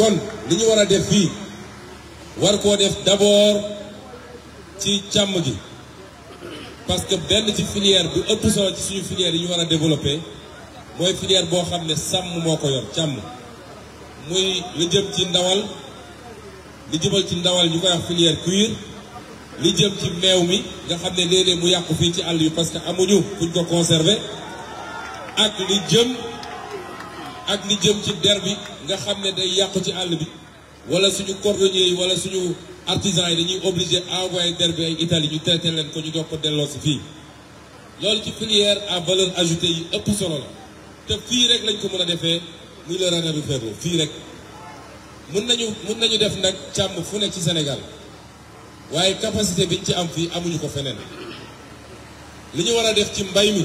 kon li ñu war a def fii war koo def d'abord ci càmm gi parce que benn ci filière bu ëpp solo ci suñu filière yi ñu war a développer mooy filière boo xam ne sàmm moo ko yor càmm muy li jëm ci ndawal li jëmal ci ndawal ñu koy wax filière cuir li jëm ci meew mi nga xam ne léeg-léeg mu yàqu fii ci àll bi parce que amuñu fuñ ko conserver ak li jëm ak li jëm ci der bi nga xam ne day yàqu ci àll bi wala suñu cordonnier yi wala suñu artisan yi dañuy obligé envoyé der bi ay Italie ñu traité leen ko ñu doog ko delloo si fii loolu ci filière à valeur ajoutée yi ëpp solo la te fii rek lañ ko mën a defee muy le Rana du Ferlo fii rek mun nañu mun nañu def nag càmm fu nekk ci Sénégal waaye capacité bi ci am fii amuñu ko feneen li ñu war a def ci mbay mi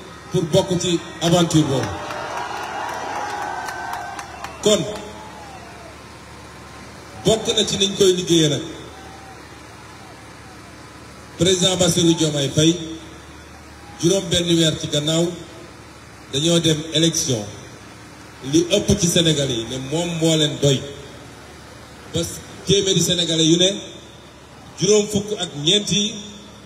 pour bokk ci aventure boobu kon bokk na ci niñ koy liggéeyee nag président Bassirou Diomaye fay juróom benn weer ci gannaaw dañoo dem élection li ëpp ci senegal yi ne moom moo leen doy parce que téeméeri Sénégalais yu ne juróom fukk ak ñeent yi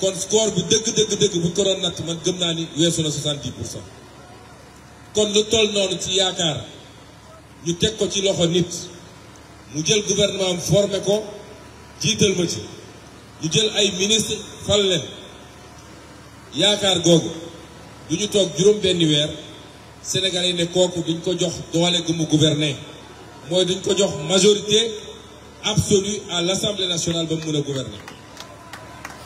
kon score bu deug deug deug bu ko doon natt man gëm naa ni weesu na 70 pour cent kon lu toll noonu ci yaakaar ñu tek ko ci loxo nit mu jël gouvernement formé ko jiital ma ci ñu jël ay ministre fal leen yaakaar googu du tok toog juróom benni weer Sénégal yi ne kooku duñ ko jox doole gu mu gouverner moy duñ ko jox majorité absolue à l'Assemblée nationale ba mu mën gouverner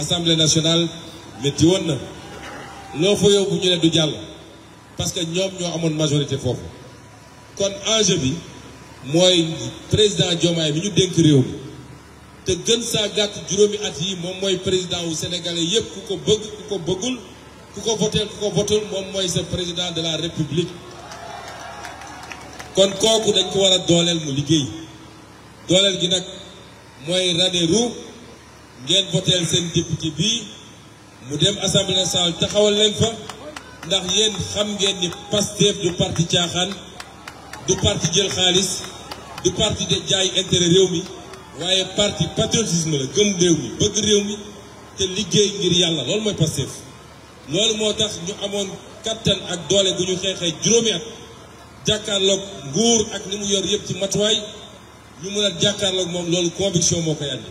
assemblée nationale métti woon na loo fa yóbbu ñu ne du jàll parce que nous avons amoon majorité foofu kon enjeu bi mooy président Diomaye bi ñu dénk réew mi te gën saa gàtt juróomi at yi moom mooy président wu sénégalais yépp ku ko bëgg ku ko bëggul ku ko voté ku ko votul mon moi c'est président de la république kon kooku dañ ko war a dooleel mu liggéey dooleel gi nag mooy rendez-vous ngeen voteel seen député bii mu dem assemblée nationale taxawal leen fa ndax yéen xam ngeen ni Pastef du parti caaxaan du parti jël xaalis du parti de jaay intérêt réew mi waaye parti patriotisme la gëm réew mi bëgg réew mi te liggéey ngir yàlla loolu mooy Pastef loolu moo tax ñu amoon kattan ak doole bu ñu xeexee juróomi at jàkkaarloog nguur ak ni mu yor yëpp ci matuwaay ñu mën a jàkkaarloog moom loolu conviction moo koy andi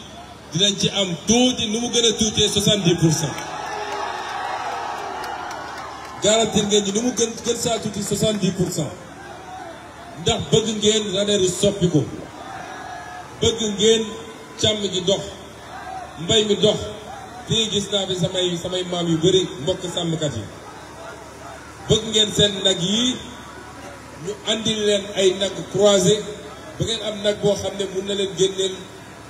dinañ ci am tuuti nu mu gën a tuutee soixante-dix pour cent garantir ngeen ñi nu mu gën gën saa tuuti soixante-dix pour cent ndax bëgg ngeen Ranérou soppi ko bëgg ngeen càmm ji dox mbay mi dox fii gis naa fi samay samay maam yu bëri mbokk sàmmkat yi bëgg ngeen seen nag yi ñu andil leen ay nag croisé ba ngeen am nag boo xam ne mun na leen génneel